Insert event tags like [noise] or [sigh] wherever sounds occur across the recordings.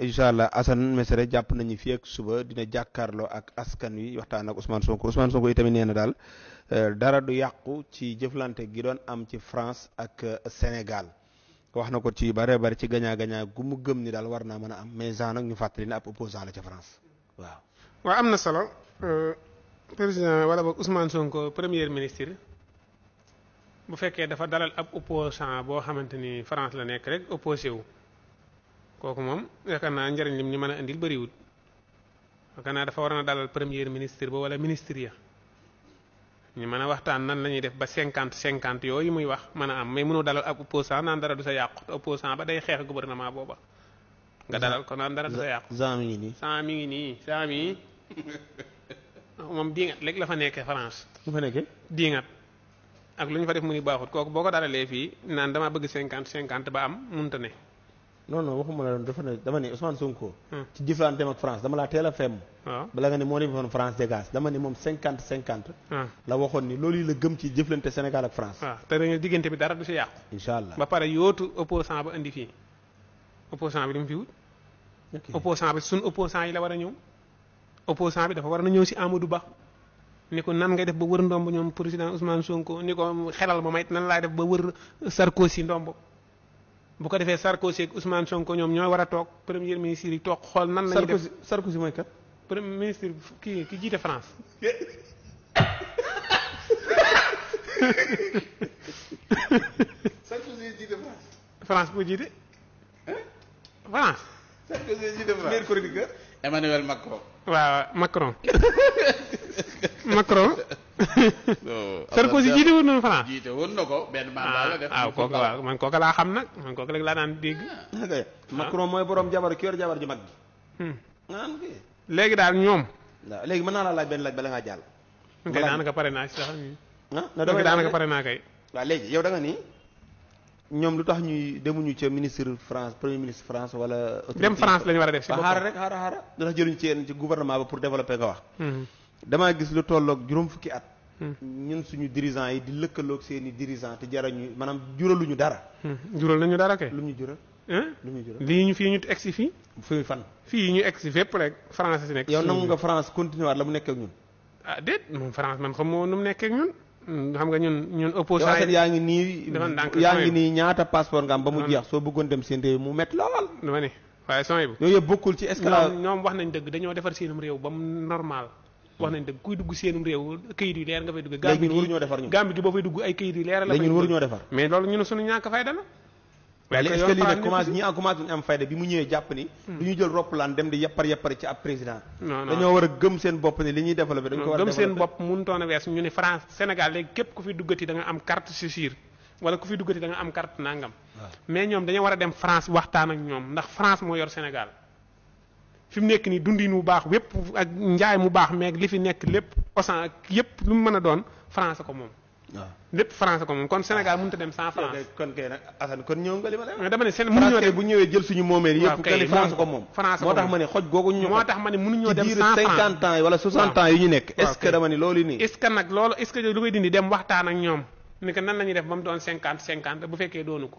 incha allah Assane jàpp nañu fi ak suba dina jàkkaarloo ak askan wi waxtaan ak Ousmane Sonko Ousmane Sonko itamit nee na daal euh, dara du yàqu ci jëflante gi doon am ci France ak euh, Sénégal wax na ko ci bare bari ci gañaa gañaa gu mu gëm ni daal war naa mën a am mais Jean nag ñu fàttali ne ab opposant la ca France waaw. am na solo euh, président wala boog Ousmane Sonko première ministre bu fekkee dafa dalal ab opposant boo xamante ni France la nekk rek opposé wu. kooku moom yaakaar naa njariñ lim ñu mën a indil bëriwut yaakaar naa dafa war a dalal premier ministre ba wala ministre ya ñu mën a waxtaan nan la ñuy def ba 50 50 yooyu muy wax mën a am mais mënoo dalal ak opposant naan dara du sa yàqu te opposant ba day xeex gouvernement booba nga dalal ko naan dara du sa yàqu. cent mi ngi nii cent mi ngi nii cent mi [laughs] moom diingat léegi la fa nekkee France. lu fa nekkee diingat ak lu ñu fa def mu ni baaxut kooku boo ko dalalee fii naan dama bëgg 50 50 ba am mënta ne. noonu waxuma la dafa ne dama ne Ousmane Sonko. Hmm. ci jëflanteem ak France dama laa teel a femm. bala nga ne moo nekkoon France dégage dama ne moom cinquante cinquante. Hmm. la waxoon ni loolu yi la gëm ci jëflante Sénégal ak France. waaw te dañoo diggante bi dara du si yàqu. ba pare yootu opposant ba indi fii opposant bi li mu fi wut. yi la war a ñëw. opposant bi dafa war na ñëw si Amadou Ba. ni ko nan ngay def ba wër ndomb ñoom président Ousmane Sonko ni ko xelal ma may nan laa def ba wër si ndomb. bu ko defee Sarkozy ak Ousmane Sonko ñoom ñooy war a toog premier ministre yi toog xool nan la ñuy def Sarkozy mooy kat premier ministre kii ki jiite France Sarkozy jiite France France ko jiite France Emmanuel Macron waaw Macron [laughs] Macron sarkozy jité won na france jité won ko ben mandat la def ah koko wa man koko la xam nak man koko rek la nan deg macron moy borom jabar ki jabar ji mag hmm nan ah, ki legi dal ñom legi man na la laaj ben laaj bala nga jall ngay dan nga paré na ci xam ni ah, na do dan nga paré na kay wa legi yow da nga ni ñom lutax ñuy demuñu ci ministre France premier ministre France wala dem France lañu wara def ci xaar rek xaar xaar da jëluñ ci yeen ci gouvernement ba pour développer nga wax hmm. dama gis lu tollok juroom fukki at ñun suñu dirigeant yi di lëkkaloog seeni dirigeant te jarañu maanaam juraluñu dara. Hmm. jural nañu dara kay. luñu jural. lu luñu jural li ñu fi ñu egg si fi fii fan. fi ñu egg si fépp rek France si nekk. yow nam nga France continuer waat la mu nekk ak ñun. ah déet moom France man xam mo nu mu nekk ak ñun. Hmm, xam nga ñun ñun opposant yi yaa ni nii yaa ñaata passeport nga am ba mu jeex so bëggon dem seen rew mu met lool dama ne waye sama yo yeb bokul ci esclave ñom wax nañ deug dañoo defar seen rew ba normal wax nañ deug kuy dugg seenum réew kayit yu leer nga fay dugg gambi ñun waruñu defar ñun gambi gi bo fay dugg ay kayit yu leer la fay ñun waruñu defar mais loolu ñun suñu ñank fayda la mais est-ce que li nak commence ñi en commence am fayda bi mu ñëwé japp ni hmm. duñu jël roppalan dem di yappar yappar ci ab président dañu wara gëm seen bop ni li ñuy développer dañ ko wara gëm seen bop mu ntona wess ñu ni France Sénégal légui képp ku fi duggati da nga am carte séjour wala ku fi duggati da nga am carte nangam mais ñom dañu wara dem France waxtaan ak ñom ndax France mo yor Sénégal fi mu nekk nii dundin wu baax wépp ak njaay mu baax meeg li fi nekk lépp Auchan yépp lu mu mën a doon France ko moom. kon Sénégal mënut a dem sans France. kon kay ko moom France ko moom moo tax ma ne xoj googu ñu. moo tax ma ne mënuñoo dem sans France ci biir 50 ans wala ñu nekk. est dama ne loolu nii. est nag loolu est-ce lu koy dindi dem waxtaan ak ñoom ni que nan la def ba mu doon 50 50 bu fekkee doonu ko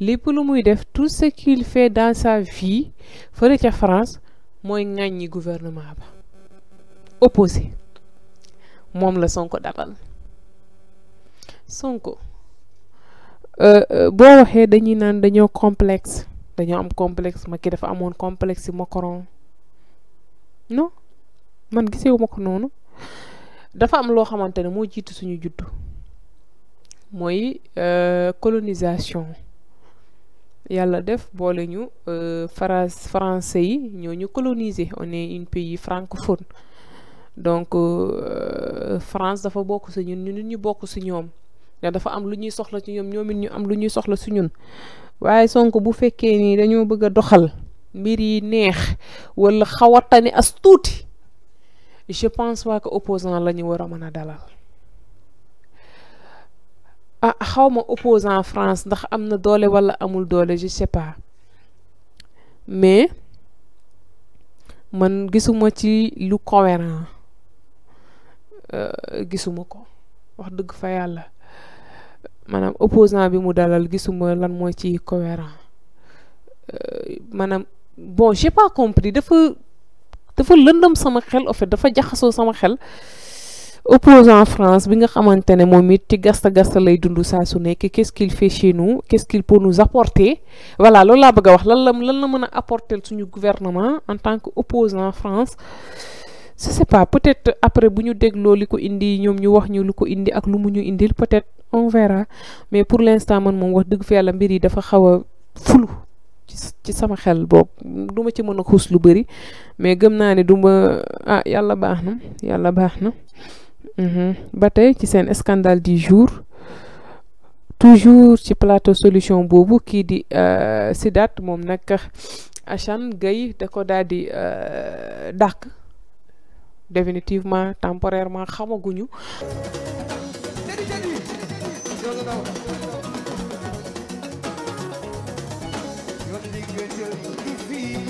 lépp lu muy def tout ce qu'il fait dans sa vie fële ca France mooy ŋàññi gouvernement ba opposé moom la Sonko dalal Sonko euh, euh, boo waxee dañuy naan dañoo complex dañoo am complexe ma ki dafa amoon complex si Macron man gisewu ma ko noonu dafa am loo xamante ne moo jiitu suñu juddu mooy euh, colonisation yàlla def boole ñu euh, France français yi ñoo ñu coloniser on est un pays francophone donc euh, France dafa bokk si ñun ñun ñu bokk si ñoom ndax dafa am lu ñuy soxla si ñoom ñoom it ñu am lu ñuy soxla si ñun waaye sonk bu fekkee nii dañoo bëgg a doxal mbir yi neex wala xawatani as tuuti je pense waa que opposant la ñu war a mën a dalal. ah xaw ma en France ndax am na doole walla amul doole je sais pas mais man gisuma ci lu cohérent euh, gisuma ko wax dëgg fa yàlla maanaam opposant bi mu dalal gisuma lan moo ci cohérent euh, maanaam bon j'ai pas compris dafa dafa lëndam sama xel en fait dafa jaxasoo sama xel opposant France bi nga xamantene momit moom it gasta gasta lay dund sa su nek qu'est-ce qu'il fait chez nous qu'est-ce qu'il peut nous apporter voilà loolu la bëgg wax lan la lan la mëna a apporter suñu gouvernement en tant qu'opposant en France je sais pas peut-être après buñu dégg dégloo indi ñom ñu wax ñu lu indi ak lu ñu indil peut-être on verra mais pour l'instant man mom wax dëgg fa yàlla mbir yi dafa xawa a flou ci sama xel boobu duma ci mëna a lu bëri mais gëm ah, na ni duma ah yalla baxna yalla baxna Mhm. ba tey ci seen scandale di jour toujours ci plateau solution boobu kii di euh, Sidaat moom nag Assane Gueye da ko daal di euh, dàq définitivement temporairement xamaguñu.